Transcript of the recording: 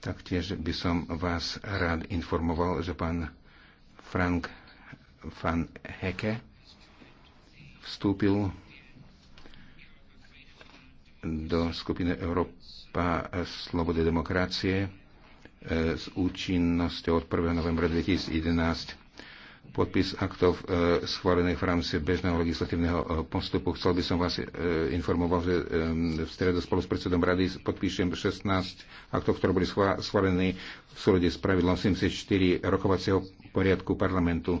Taktiež by som vás rád informoval, že pán Frank van Heke vstúpil do skupiny Európa slobody demokracie e, s účinnosťou od 1. novembra 2011 podpis aktov e, schválených v rámci bežného legislatívneho e, postupu. Chcel by som vás e, informovať, že v stredu spolu s predsedom rady podpíšem 16 aktov, ktoré boli schválené v súlade s pravidlom 74 rokovacieho poriadku parlamentu.